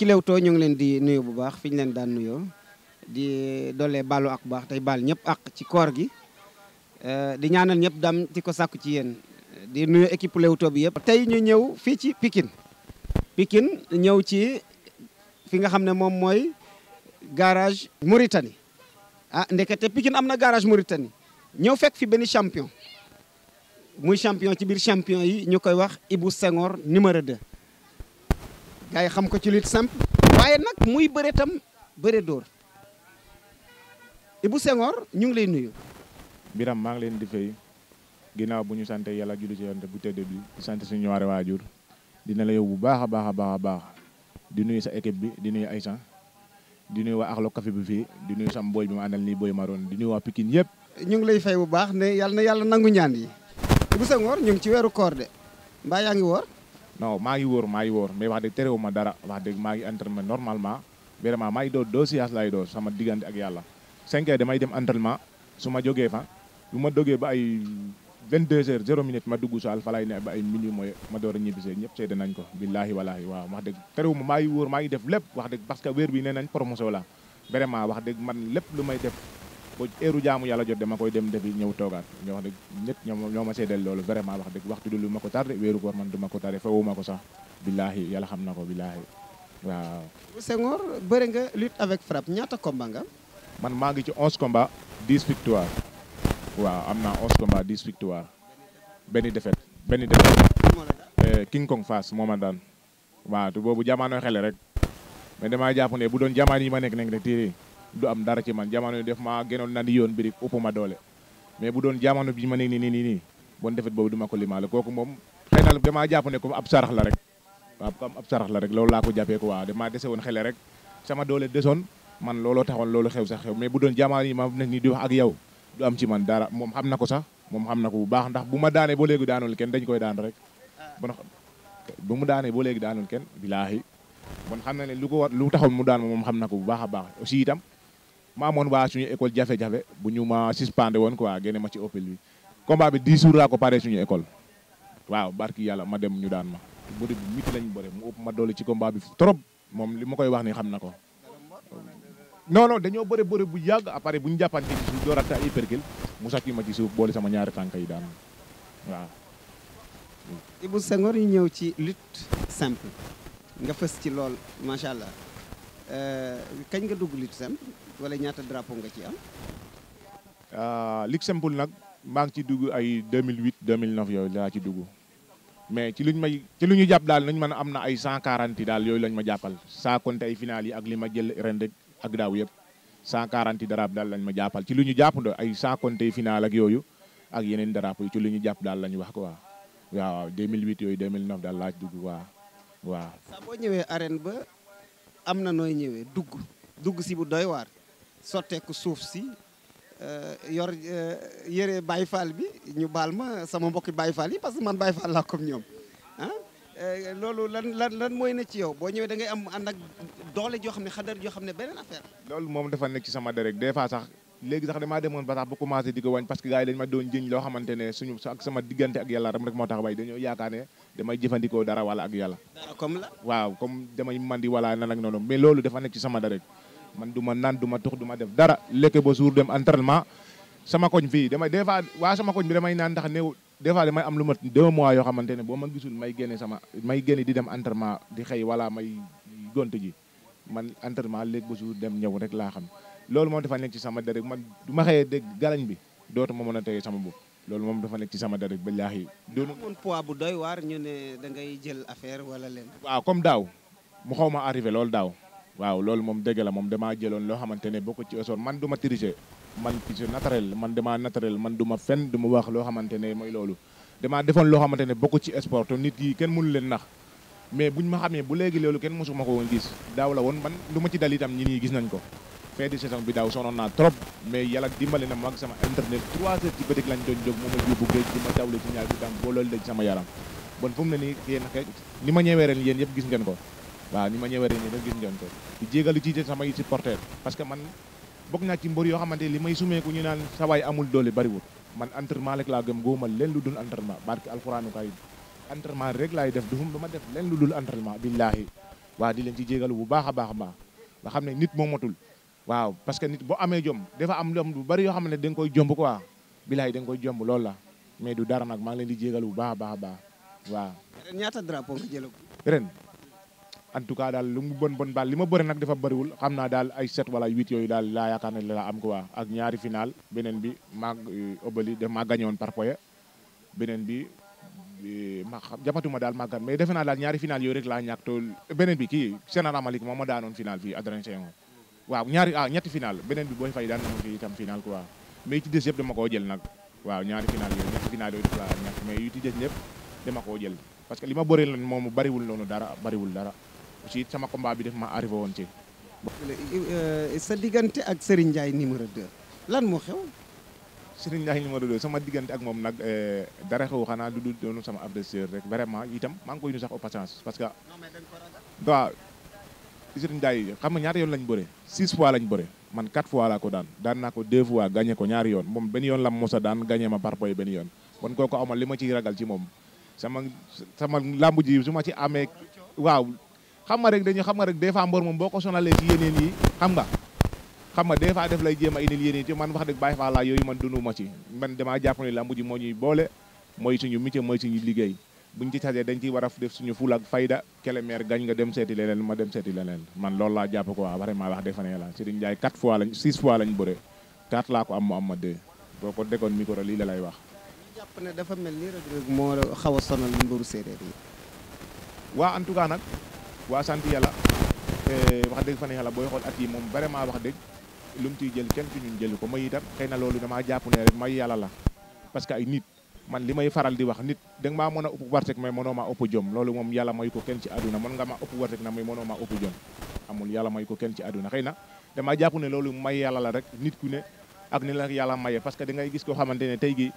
mbokki Leewtoo ñu ngi leen di nuyu bu baax fi ñu leen daan nuyoo di doole baalu ak baax tey baal ñëpp ak ci koor gi eh, di ñaanal ñëpp dam ci ko sàkk ci yéen di nuyu équipe Leewtoo bi yëpp. tey ñu ñëw fii ci Pikine Pikine ñëw ci fi nga xam ne moom mooy garage Mauritanie ah ndekete Pikine am na garage Mauritanie ñëw fekk fi benn champion muy champion ci biir champion yi ñu koy wax Ibou Senghor numéro de gars yi xam ko ci lutte simple waaye nag muy bëre tam bëre dóor Ibou Senghor ñu ngi lay nuyu biram maa ngi leen di fay ginnaaw bu ñu sant yàlla julli ci bu tëdd bi di sant suñu ñaari waajur dina la yow bu baax a baax a baax a baax di nuyu sa équipe bi di nuyu Aïssa di nuyu waa Akhlo Café bi fii di nuyu sam booy bi ma àndal nii booy maroon di nuyu waa Pikine yëpp ñu ngi lay fay bu baax ne yàlla na yàlla nangu ñaan yi Ibou Senghor ñu ngi ci weeru koor de mbaa ngi woor non maa ngi wóor maa ngi wóor mais wax dëgg terewu ma dara wax dëgg maa ngi entraînement normalement vraiment maa ngi doon doo siyaas laay doon sama diggante ak yàlla 5 heures damay dem entraînement su ma jógee fa lu ma dogee ba ay 22 heures 0 minutes ma dugg saal fa laay ne ba ay minuit mooy ma door a ñibbisee ñëpp seede nañ ko billaahi walaahi waaw wax dëgg terewu ma maa ngi wóor maa ngi def lépp wax dëgg parce que weer bi nee nañ promotion la vraiment wax dëgg man lépp lu may def ba heure jaamu yàlla jot dama koy dem defi ñëw toogaat ñoo wax dëgg ñett ñoo ma seedeel loolu vraiment wax dëgg waxtu dul ma ko tardé weeru koor man du ma ko ko sax billaahi yàlla xam ko billaahi waaw. Senghor bëri nga lutte avec frappe ñaata combat nga. man maa ngi ci 11 combats 10 victoire waaw am naa 11 combats 10 victoire benn défaite benn défaite. Eh, King Kong Fass moo ma daan waaw te boobu jamono xele rek mais damaa jàpp ne bu doon jamono yi ma nekk nekk rek téere du am dara ci man jamono yi def maa gënoon na ni yoon birik ëpp ma doole mais bu doon jamono bi ma ne ni nii nii nii bon defet boobu duma ko limaale kooku moom xëy na damaa ab sarax la rek waaw la rek loolu laa ko jàppee ko waaw damaa dese woon xele rek sama doole desoon man looloo taxoon loolu xew sax xew mais bu doon jamono yi ma ne nii di wax ak yow du am ci man dara moom xam na ko sax moom xam na ko bu baax ndax bu ma daanee ba léegi daanul kenn dañ koy daan rek bon bu mu daanee ba léegi daanul kenn bilaahi bon xam na ne lu ko war lu taxoon mu daan moom xam na ko bu baax a baax aussi itam ma amoon waa suñu école jafe-jafe bu ñu ma suspendé woon quoi génne ma ci opel bi combat bi 10 jours laa ko paree suñu école waaw barki yàlla ma dem ñu daan ma bëri bu miti lañ bëri mu ëpp ma doole ci combat bi trop moom li ma koy wax ni xam na ko non dañoo bëri bëri bu yàgg après bu ñu jàppante ci suuf dooraat ay perkel mu sakki ma ci suuf boole sama ñaari tànk yi daan waaw Ibou Senghor ñu ñëw ci lutte simple nga fës ci lool macha allah euh, kañ nga dugg lutte simple wala ñaata drapeau nga ci am. Ah, Ligue simple nag maa ngi ci dugg ay deux mille 2008 2009 yooyu laa ci dugg mais ci luñ may ci ñu jàpp daal nañ mën a am na ay 140 daal yooyu lañ ma jàppal saa compter ay yi ak li ma jël ren ak daaw yëpp 140 drapeau daal lañ ma jàppal ci lu ñu jàpp ndo ay sans compter ak yooyu ak yeneen drapeau yi ci lu ñu jàpp daal la ñu wax quoi waaw 2008 yooyu 2009 daal laa dugg waaw waaw. saa boo ñëwee ba am na nooy ñëwee dugg dugg si bu doy waar. sotteeku suuf si euh, yor euh, yëre Baye Fall bi ñu baal ma sama mbokki Baye Fall yi parce que man Baye Fall laa comme ñoom ah euh, loolu lan lan lan mooy ne ci yow boo ñëwee da ngay am ànd ak doole joo xam ne xadar joo xam ne beneen affaire loolu moom dafa nekk ci sama déreg des fois sax léegi sax damaa demoon ba tax ba commencé di ko wàññi parce que gars dañ ma doon jëñ diggante ak yàlla rek moo tax bay dañoo yaakaar damay jëfandikoo dara wala ak yàlla. dara comme la. waaw comme damay mandi wala nan ak noonu mais loolu dafa nekk ci sama déreg man du ma naan duma ma tux du def dara lekk bo suur dem entraînement sama koñ fii damay des fois waa sama koñ bi damay naan ndax néew des fois damay am lu mat deux mois yoo xamante ne boo ma gisul may génne sama may génne di dem entraînement di xëy wala may gont ji man entraînement lekk bo suur dem ñëw rek laa xam loolu moom dafa nekk ci sama deret man du ma xëyee dégg galañ bi dootu ma mën a teye sama bopp loolu moom dafa nekk ci sama deret ba laax yi doonu moon poids bu doy waar ñu ne da ngay jël affaire wala leen waaw comme daaw mu xaw ma arrivé loolu daaw waaw loolu moom dëgg la moom damaa jëloon loo xamante ne bokk ci osoor man du ma tricher man ci naturel man damaa naturel man du ma fen du wax loo xamante ne mooy loolu damaa defoon loo xamante ne bokk ci sport te nit yi kenn mënu leen nax mais buñ ma xamee bu léegi loolu kenn mosuma ko woon gis daaw la woon man lu ma ci dal itam ñi nii gis nañ ko fin de saison bi daaw sonoon naa trop mais yàlla dimbali na mag sama internet 3 heures ci bëtik a yóbbu ma dawle ci ñaar bi tam boo loolu ma ñëwee ren yéen yëpp gis ngeen ko waaw ni ma ñëwere nii rek gis ngeen ko di jégalu ci samay supporter parce que man bokk naa ci mbër yoo xamante li may sumeeku ñu naan sawaay amul doole bariwul man entraînement rek laa gëm góoma leen lu dul entraînement barke alxuraanu kaay entraînement rek laay def dufum dama def leen lu dul entraînement billaahi waa di leen ci jégalu bu baax a baax a baax nga xam ne nit moo matul waaw parce que nit boo amee jom dafa am lu am lu bari yoo xam ne da nga koy jomb ko billaahi da nga koy jomb loolu la mais du dara nag maa ngi leen di jégalu bu baax a baax waaw. ren ñaata drapeau nga jëlagul. ren en tout cas daal lu mu bon bon baal li ma bëri nag dafa bëriwul xam naa daal ay sept wala huit yooyu daal laa yaakaar ne la am quoi ak ñaari final beneen bi maa euh, obali daf maa gagné woon par poye beneen bi euh, ma jàppatuma daal maa gagné mais defe naa daal ñaari final yooyu rek laa ñàkk tool beneen bi kii général Malick moom ma daanoon final fii Adrien Senghor waaw ñaari ah ñetti final beneen bi booy fay daan na fi itam final quoi mais ci des yëpp dama koo jël nag waaw ñaari final yooyu ñetti final yooyu laa ñàkk mais yu ci des yëpp dama koo jël parce que li ma bëri lan moom bariwul noonu dara bariwul dara aussi sama combat bi def ma arrivé woon ci. Euh, sa diggante ak Serigne Ndiaye numéro 2 lan moo xew. Serigne Ndiaye numéro 2 sama diggante ak moom nag euh, dara xew xanaa du du doonu sama adversaire rek vraiment itam maa ngi koy nuyu sax au parce que. waaw Serigne Ndiaye xam nga ñaari yoon lañ bëre. six fois lañ bëre man quatre fois laa ko daan daan naa ko deux fois gagné ko ñaari yoon moom benn yoon la mos a daan gagné ma par poy yoon kon kooku aw ma li ma ciy ragal ci moom sama sama làmb ma ci amee waaw. xam nga rek dañu xam nga rek des fois mbor moom boo ko sonalee ci yeneen yi xam nga xam nga des fois def lay jéem a indil yeneen yi man wax dëgg bàyyi faa laa yooyu man dundu ma ci man damaa jàpp ne làmb ji moo ñuy boole mooy suñu métier ci war a def suñu ful ak fayda kelemeer gañ nga dem seeti leneen ma dem seeti leneen man loolu laa jàpp ko waa vraiment wax defa ne la Serigne Ndiaye quatre ko am mu am ma deux boo lay wax jàpp ne dafa mel ni rek rek moo xaw a sonal mbaru séeréer yi waa en tout cas nag waa sant yàlla eh, wax dëgg fa ne yàlla booy xool at yi moom vraiment wax dëgg lu mu ciy jël kenn ci jël ko may itam xëy na loolu damaa jàpp ne rek may yàlla la parce que ay nit man li may faral di wax nit da nga maa mën a ëpp warteg mais mënoo maa ëpp moom yàlla may ko kenn ci àdduna mën nga ma ëpp warteg na mais mënoo maa jom amul yàlla may ko kenn ci àdduna xëy na damaa jàpp ne loolu may yàlla la rek nit ku ne ak la yàlla maye parce que da ngay gis o xamante ne tey gi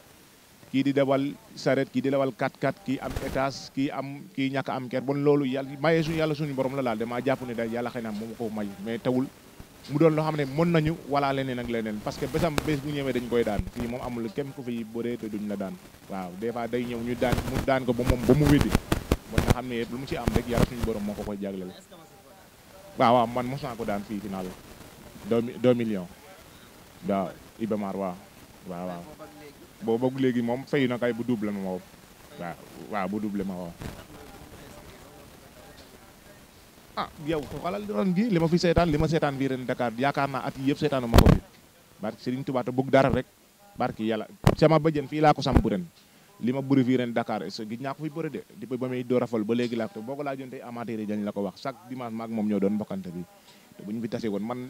kii di dawal saret kii di dawal 4-4 kii am étage kii am kii ñàkk am ker bon loolu yàlla maye suñu yàlla suñu borom la daal damaa jàpp ne daal yàlla xëy na moom ko may mais tawul mu doon loo xam ne mu daan ko ba moom ba mu wéddi bon nga xam ne mu ci am rek yàlla suñu borom moo ko koy jagleel waaw man mos ko daan fii final deux millions waaw Ibamar waaw bo ak léegi moom fayu na kay bu double ma woo waaw waaw bu double ma woo a ah, yow xoolal ron gi li ma fi seetaan li ma seetaan fii ren Dakar yaakaar naa at yi yëpp seetaanu ma ko fi barki Serigne Touba te bëgg dara rek barki yàlla sama bëjën fii laako sam samp ren li ma bëri fii ren Dakar est-ce que gis fi bëri de di ba may door a fal ba léegi laa ko te boo ko laajoon tey amateur yi dañ la ko wax chaque dimanche maag moom ñoo doon mbokkante bi te bu fi tase woon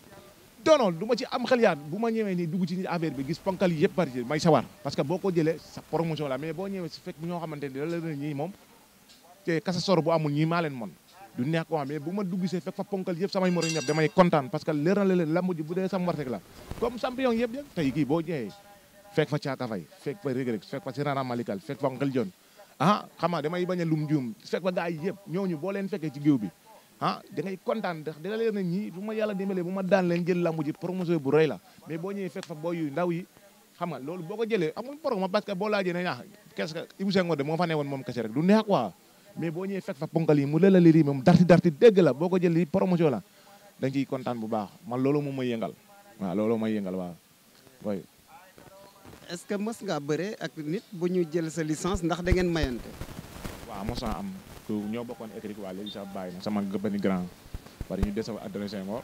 non non du ma ci am xel yaat bu ma ñëwee nii dugg ci ni affaire bi gis ponkal yi yëpp bari ci may sawar parce que boo ko jëlee sa promotion la mais boo ñëwee si fekk ñoo maa leen mon du neex mais bu ma dugg see fekk fa ponkal yëpp samay moroom ñëpp damay kontaan parce que leer na leen lamb ji bu dee sam warteg la comme champion yëpp yëpp tey boo ñëwee fekk fa caaka fay fekk fa rëg fekk fa sirana malikal fekk fa ngel jon ah xam damay bañ a lum juum fekk fa gars yi yëpp ñooñu boo leen fekkee ci géew bi ah da ngay kontaan ndax dina leen na ñii bu ma yàlla dimbalee bu ma daan leen jël lambu ji promotion bu rëy la mais boo ñëwee fekk fa boo yu ndaw yi xam nga loolu boo ko jëlee amul problème parce que boo laajee ne ah quest moo fa newoon moom kese rek du neex quoi mais boo ñëwee fekk fa ponkal yi mu lëla li ri moom darti darti dégg la boo ko jël promotion la da nga ciy kontaan bu baax man loolu moom may yëngal waa loolu may yëngal waaw way est-ce que mës nga bëre ak nit bu ñu jël sa licence ndax da ngeen mayante waaw mos naa am ku ñoo bokkoon écrit waa léegi sax bàyyi na sama benn grand parce que ñu desa Adrien Senghor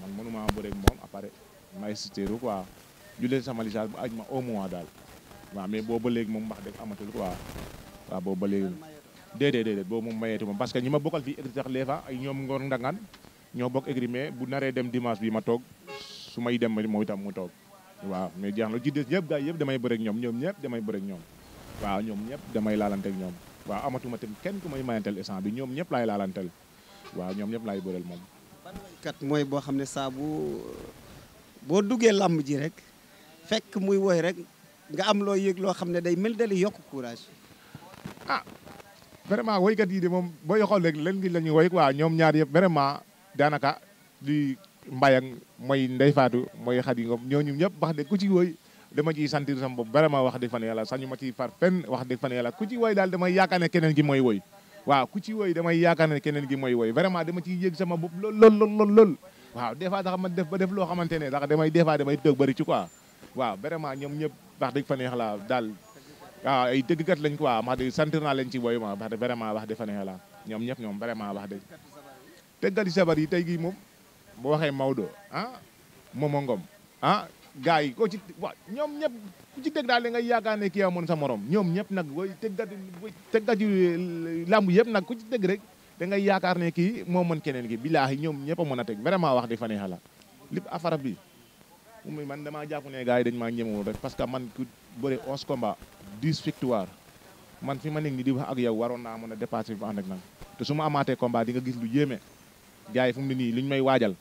man mënuma bëre moom après ma stéro quoi julee sama licence bu aj ma au moins daal waaw mais boobu ba léegi moom wax dëgg amatul quoi waaw boobu ba léegi déedéet déedéet boobu moom mayeetu moom parce que ñi ma bokkal fii écrit sax les fois ay ñoom ngoor ngan ñoo bokk écrit mais bu naree dem dimanche bi ma toog su may dem moom itam mu toog waaw mais jeex na lu ci des yëpp gars yëpp damay bëre ñoom ñoom ñëpp damay bëre ñoom waaw ñoom ñëpp damay laalante ak ñoom waaw amatumat tam kenn ku may mayantel essence bi ñoom ñëpp laay laalantel waaw ñoom ñëpp laay bëreel moom. kat mooy boo xam ne saa bu boo duggee làmb ji rek fekk muy woy rek nga am loo yëg loo xam ne day mel dali yokk courage. ah vraiment woykat yi de moom booy xool rek leen gi la ñuy woy quoi ñoom ñaar yëpp vraiment daanaka di mbayang mooy Ndey Faatu mooy Xadi Ngom ñooñu ñëpp de ku ci woy dama ciy sentir sama bopp vraiment wax dëgg fan yàlla sax ñu ma ciy far fenn wax dëgg fan yàlla ku ci woy daal damay yaakaar ne keneen gi mooy woy waaw ku ci woy damay yaakaar ne keneen gi mooy woy waaw des sax ma def ba def loo xamante ne sax damay des fois damay dëgg bëri ci quoi waaw vraiment ñoom ñëpp wax dëgg fan yàlla daal waaw ay dëggkat lañ quoi wax dëgg sentir naa leen ci woy ma wax dëgg vraiment wax dëgg fan yàlla ñoom ñëpp ñoom vraiment wax dëgg sabar yi tey gi moom boo waxee Maodo ah Momo Ngom ah gars yi koo ci waaw ñoom ñëpp ku ci dégg daal da ngay yaakaar ne kii amoon sa moroom ñoom ñëpp nag way tëggat tëggat yu euh, làmb yëpp nag ku ci dégg rek da ngay yaakaar ne kii moo mën keneen ki bilaahi ñoom ñëpp a mën a teg vraiment wax di fa neex la lépp affaire bi mu man damaa jàpp ne gars yi dañ maa ñemewul rek parce que man ku bëre onze combat dix victoire man fi ma nekk nii di wax ak yow waroon naa mën a dépasser fi ma ànd nag te suma ma amaatee combat di nga gis lu yéeme gars yi fu mu ne nii luñ may waajal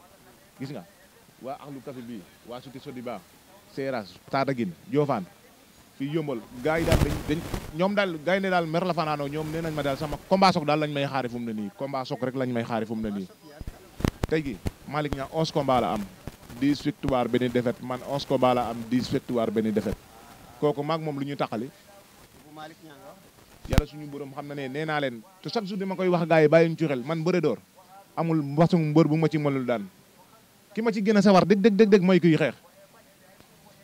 gis nga waa axlu kafe bi waa suti Sodiba Seras Tataguine Diofane fii yombal gars yi daal dañ ñoom daal gars yi daal mer la fanaanoo ñoom nee nañ ma daal sama combat soog daal lañ may xaari fu mu ne nii combat soog rek lañ may xaari fu mu ne nii tey gi Malick Niang 11 combat la am 10 victoire benn défaite man 11 combat la am 10 victoire benn défaite kooku maag moom lu ñu taxali yàlla suñu borom xam na ne nee naa leen te chaque ma koy wax gars yi bàyyi ñu ci xel man bëre door amul mbasum mbër bu ma ci mënul daan ki ci gën a sawar dëgg dëgg dëgg dëgg mooy kuy xeex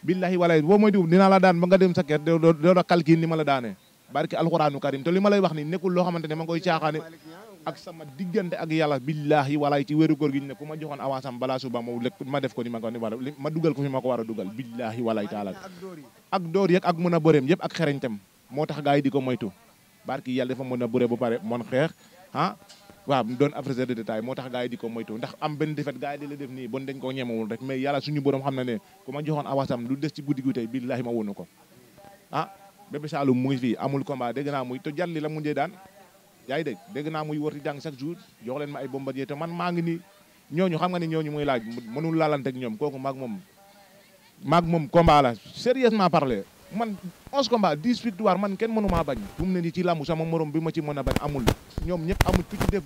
billahi walaay boo moy diwub dinaa la daan ba nga dem sa kër a la kalkin ni ma la daanee barki alxuraanu karim te li lay wax ni nekkul loo xamante ne ma ngi koy caaxaane ak sama diggante ak yàlla billahi walaay ci wéeru góor ne ku ma joxoon avance am balaa lekk ma def ko ni ma ko ni war ma dugal ko fi ma ko war a dugal billahi walaay taala ak door yeeg ak mën a bëreem yëpp ak xereñtam moo tax gaa yi di ko moytu barki yàlla dafa mën a bëre bu pare mon waaw mu doon adversaire de détail moo tax gars yi di ko moytu ndax am benn défaite gars yi di la def nii bon dañ ko ñemewul rek mais yàlla suñu borom xam na ne ku ma joxoon awasam lu des ci guddi gi tey billaahi ma wonu ko ah Bébé Saloum mu ngi amul combat dégg naa muy te jalli la mu njee daan yaa ngi dégg dégg naa muy wërti jàng chaque jour jox leen ma ay bombardier te man maa ngi ni ñooñu xam nga ne ñooñu muy laaj mënul laalan ak ñoom kooku maag moom maag moom combat la sérieusement parler man 11 combats 10 victoires man kenn mënu maa bañ bu mu ne nii ci làmb sama morom bi ma ci mën a bañ amul ñoom ñëpp amul ku ci def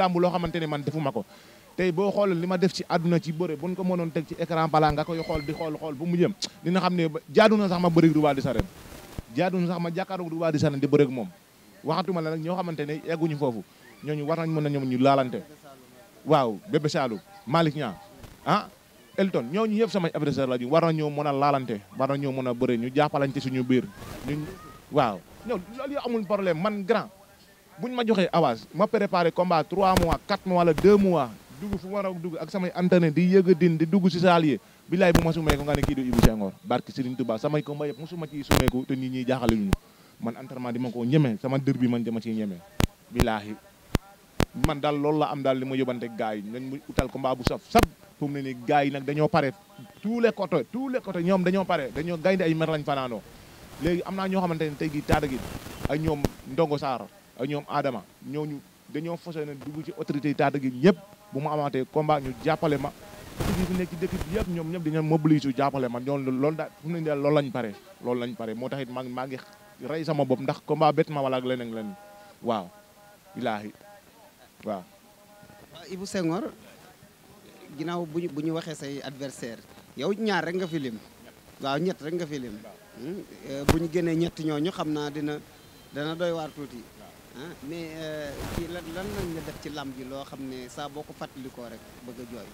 làmb loo xamante ne man defuma ko tey boo xoolal li ma def ci àdduna ci bëre buñ ko mënoon teg ci écran pala nga koy xool di xool xool bu mu jëm dina xam ne jaadu na sax ma bëri du waa di sarem jaadu sax ma jàkkaaroog du waa di sarem di bëre ak moom waxatuma la nag ñoo xamante ne egguñu foofu ñooñu war nañ mën a ñoom ñu laalante waaw bébé Saalum Malick Niang ah Elton ñooñu yëpp samay adversaire la ñu war na ñoo mën a laalante war na ñoo mën a bëre ñu jàppalante suñu biir ñu waaw ñow loolu yoo amul problème man grand buñ ma joxee avance ma préparé combat 3 mois 4 mois wala 2 mois dugg fu war a dugg ak samay antenne di yëg din di dugg si saal yi bilaay bu ma sumee ko nga ne kii du Ibou Senghor barki Serigne Touba samay combat yëpp musuma ciy sumeeku te nit ñi jaaxale ñu man sama dër bi man dama ciy ñemee bilaahi man daal loolu la am daal li ma yóbbante gars yi nañ mu utal combat bu saf fu mu ne nii gars yi nag dañoo pare tous les côtés tous les côtés ñoom dañoo pare dañoo gaynde ay mer lañ léegi am naa ñoo xamante ne tey gi taada gi ñoom Ndongo Saar ak ñoom Adama ñooñu dañoo fosé ne dugg ci autorité yi taada gi ñëpp bu mu amaatee combat ñu jàppale ma autorité fi nekk yëpp ñoom ñëpp dañoo mobiliser yu jàppale ma ñoom loolu daal fu mu ne nii daal loolu lañ pare loolu lañ pare moo tax it maa ngi maa ngi rey sama bopp ndax combat bett ma wala ak leneen leneen waaw ilaahi waaw Ibou Senghor ginnaaw bu ñu bu ñu waxee say adversaire yow ñaar rek nga fi lim waaw ñett rek nga fi lim hmm? euh, bu ñu génnee ñetti ñooñu xam naa dina dana doy waar tuuti ah mais ci euh, lan lan lañ la def ci làmb ji loo xam ne saa boo ko fàttalikoo rek bëgg a jooy.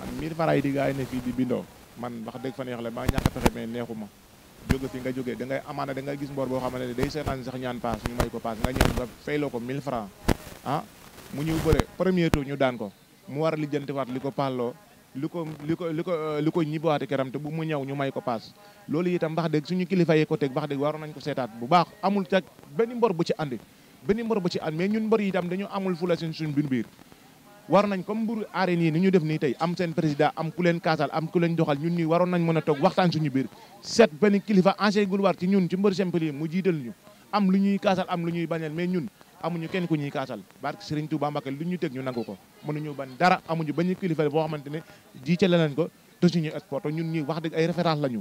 man mille francs yi di gars yi ne fii di bindoo man wax dëgg fa neex la maa ñàkk a pexe mais neexu jóge fi nga jógee da ngay amaana da gis mboor boo xamante ne day seetaan sax ñaan paas ñu may ko paas nga ñëw nga fayloo ko mille francs ah mu ñëw bëre premier tour ñu daan ko. mu war a lijjantiwaat li ko paalloo li ko li ko li ko euh, li ko ñibbaati keram te bu mu ñëw ñu may ko paas loolu itam wax dëgg suñu kilifa yi ko teg wax dëgg waroon nañ ko seetaat bu baax amul ca benn mbor bu ci andi benn mbor bu ci and mais ñun mbor yi itam dañu amul fula suñ suñ biir biir war nañ comme mburu aareen yi ni ñu def nii tey am seen président am ku leen kaasal am ku leen doxal ñun ñi waroon nañ mën a toog waxtaan suñu biir seet benn kilifa ancien gul war ci ñun ci mbër simple yi mu jiital ñu am lu ñuy kaasal am lu ñuy bañal mais ñun amuñu kenn ku ñuy kaasal barke Serigne Touba Mbacké lu ñu teg ñu nangu ko mënuñu ban dara amuñu bañ ñu kilifa boo xamante ne jiite nañ ko te suñuy sport ñun ñuy wax dëgg ay référence lañu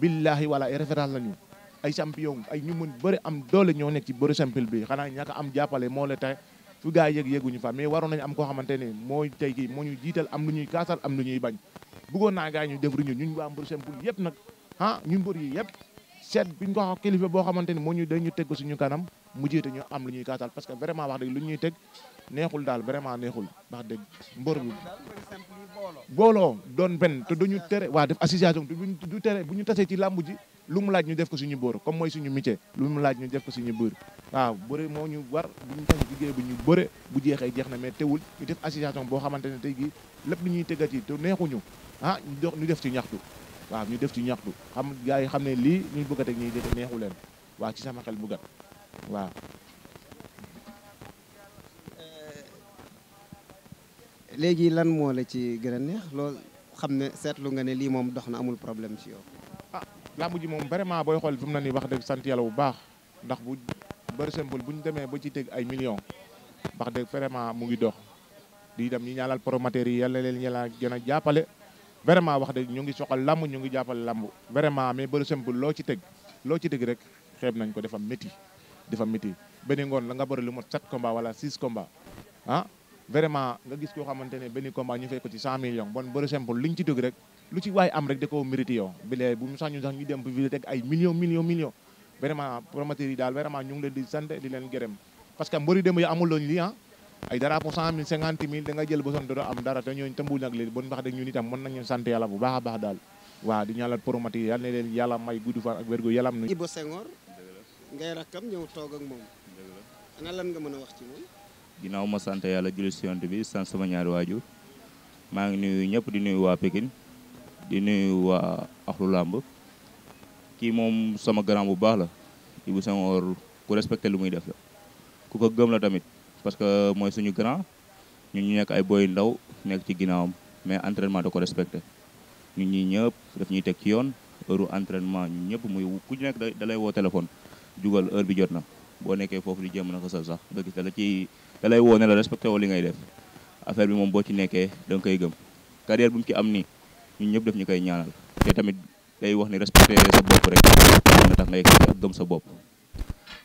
billahi wala ay référence lañu ay champion ay ñu mën bëri am doole ñoo nekk ci bëri simple bi xanaa ñàkk am jàppale moo la tey fu gaa yëg yëguñu fa mais waroon nañu am koo xamante ne mooy tey kii moo ñu jiital am lu ñuy kaasal am lu ñuy bañ bëggoon naa gaa ñu def ñu ñun waa mbër simple yëpp nag ah ñu mbër yi yëpp seet biñ ko wax kilifa boo xamante ne moo ñu dañu teg suñu kanam mujjee te ñu am lu ñuy gàttal parce que vraiment wax dëgg lu ñuy teg neexul daal vraiment neexul wax dëgg mbër bi booloo doon benn te ñu tere waa def association te du tere bu ñu tasee ci làmb ji lu mu laaj ñu def ko suñu boor comme mooy suñu métier lu mu laaj ñu def ko suñu bër waaw bëre moo ñu war bu ñu tax liggéey bu ñu bëre bu jeexee jeex na mais teewul ñu def association boo xamante ne tey gi lépp lu ñuy tëggat yi te neexuñu ah ñu def ci ñaxtu waaw ñu def ci ñaxtu xam gars yi xam ne lii ñu bëgg a teg ñuy def neexu leen waaw ci sama xel bu gàtt waaw euh, léegi lan moo la ci gën a neex loolu xam ne seetlu nga ne lii moom dox na amul problème ci yow ah làmb ji moom vraiment booy xool fi mu ne nii wax dëgg sant yàlla bu baax ndax bu bëri simple bu ñu demee ba ci teg ay million wax dëgg vraiment mu ngi dox di dem ñu ñaanal promoteurs yi yal na leen yàlla gën a jàppale vraiment wax dëgg ñu ngi soxal làmb ñu ngi jàppale làmb vraiment mais bëri simple loo ci teg loo ci teg rek xeeb nañ ko defam métti dafa métti benn ngoon nga bëri lu mot 7 combat wala 6 combat ah vraiment nga gis koo xamante ne benn combat ñu fay ci ci ci waay am rek da koo mérité yow bilee bu mu sax ñu dem publicité daal vraiment ah. nga jël ba son dodo am dara te ñooñu tëmbul nag léegi bon wax dëgg ñun itam mën nañu sant yàlla bu baax a baax daal waaw di ñaanal promoteurs yi may gudd fan ak wérgu yaram nu ngay rakkam ñëw toog ak moom. ana lan nga mën a wax ginnaaw ma sant yàlla julli si bi sant sama ñaari waajur maa ngi nuyu ñëpp di nuyu waa Pikine di nuyu waa axlu làmb kii moom sama grand bu baax la Ibou Senghor ku respecté lu muy def la ku ko gëm la tamit parce que mooy suñu grand ñun ñu nekk ay boy ndaw nekk ci ginnaawam mais entraînement da ko respecté ñu ñii ñëpp daf ñuy teg ci yoon heure entraînement ñun ñëpp muy ku nekk da lay woo téléphone jugal heure bi jot na boo nekkee foofu di jéem na ko saf sax nga gis dala ci da lay woo la respecté woo li ngay def affaire bi moom boo ci nekkee danga nga koy gëm carrière bu mu ci am nii ñun ñëpp def ñu koy ñaanal te tamit day wax ni respecté sa bopp rek na tax nga yegg gëm sa bopp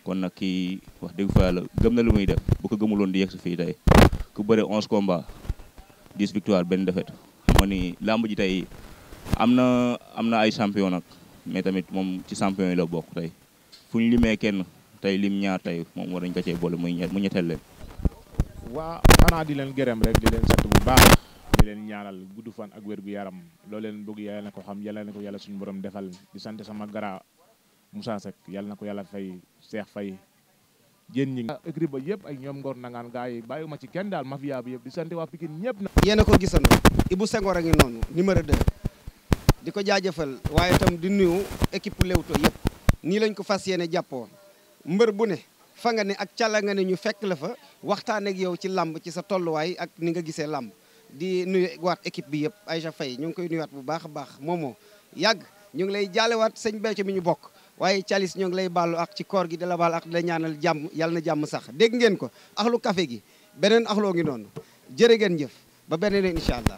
kon nag ki wax dëgg fa yàlla gëm na lu muy def bu ko gëmuloon di yegg si fii tey ku bëre 11 combats 10 victoire benn défaite moo ni làmb ji tey am na am na ay champion nag mais tamit moom ci champion la bokk tey fu ñu limee kenn tey lim ñaar tey moom war nañ ko cee boole muy mu ñetteel leen. waa xanaa di leen gërëm rek di leen sant bu baax di leen ñaanal gudd fan ak wér gu yaram loo leen bëgg yàlla na ko xam yàlla na ko yàlla suñu borom defal di sant sama gara Moussa Seck yàlla na ko yàlla fay Seex fay jën ñi écrit ba yëpp ay ñoom ngor nangaan gaa yi ma ci kenn daal mafia bi yëpp di sant waa Pikine ñëpp na yéen a ko gisandoo Ibou Senghor a ngi noonu a 2 di ko jaajëfal waaye tam di nuyu équipe Leewtoo yëpp nii lañ ko fas yéene jàppoo mbër bu ne fa nga ne ak cala nga ne ñu fekk la fa waxtaan ak yow ci làmb ci sa tolluwaay ak ni nga gisee làmb di nuyuwaat équipe bi yëpp Aïcha Faye ñoo ngi koy nuyuwaat bu baax a baax moomoo yàgg ñu ngi lay jaalewaat sañ Béthio mi ñu bokk waaye calis ñoo ngi lay baalu ak ci koor gi di la baal ak di la ñaanal jàmm yàlla na jàmm sax dégg ngeen ko axlu kafe gi beneen axloo ngi doon jërë ngeen jëf ba beneen incha allah